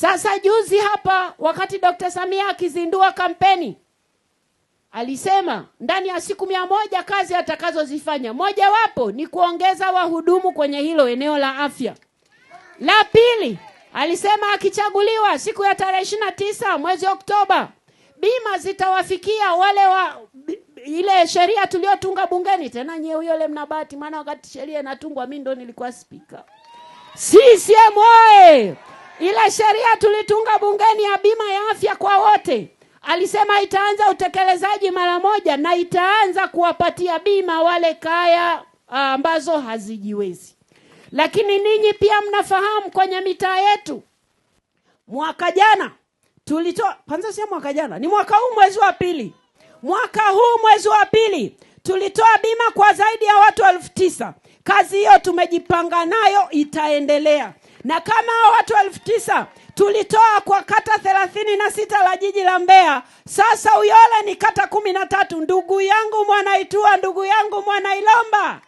Sasa juzi hapa, wakati Dr. Samia akizindua kampeni alisema ndani ya siku mia moja kazi atakazozifanya mojawapo ni kuongeza wahudumu kwenye hilo eneo la afya. La pili alisema akichaguliwa, siku ya tarehe ishirini na tisa mwezi Oktoba, bima zitawafikia wale wa ile sheria tuliyotunga bungeni. Tena nyewe huyole mna bahati, maana wakati sheria inatungwa mi ndo nilikuwa spika. CCM oye! Ile sheria tulitunga bungeni ya bima ya afya kwa wote, alisema itaanza utekelezaji mara moja na itaanza kuwapatia bima wale kaya ah, ambazo hazijiwezi. Lakini ninyi pia mnafahamu kwenye mitaa yetu, mwaka jana tulitoa kwanza, sio mwaka jana, ni mwaka huu mwezi wa pili, mwaka huu mwezi wa pili tulitoa bima kwa zaidi ya watu elfu tisa. Kazi hiyo tumejipanga nayo itaendelea na kama hao watu elfu tisa tulitoa kwa kata thelathini na sita la jiji la Mbeya, sasa Uyole ni kata kumi na tatu. Ndugu yangu mwanaitua ndugu yangu mwanailomba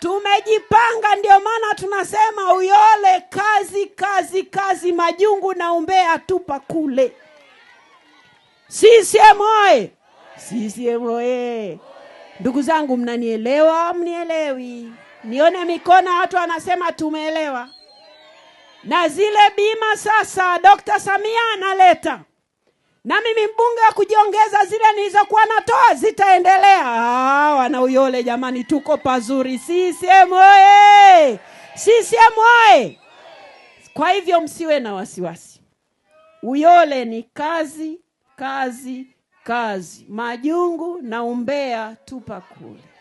tumejipanga. Ndio maana tunasema Uyole kazi, kazi, kazi, majungu na umbea tupa kule. CCM oye! CCM oye! Ndugu zangu, mnanielewa mnielewi? Nione mikono, watu wanasema tumeelewa na zile bima sasa Dr. Samia analeta na mimi mbunge wa kujiongeza zile nilizokuwa natoa zitaendelea. Ah, wana Uyole jamani, tuko pazuri. CCM oye! CCM oye! Kwa hivyo msiwe na wasiwasi. Uyole ni kazi, kazi, kazi. Majungu na umbea tupa kule.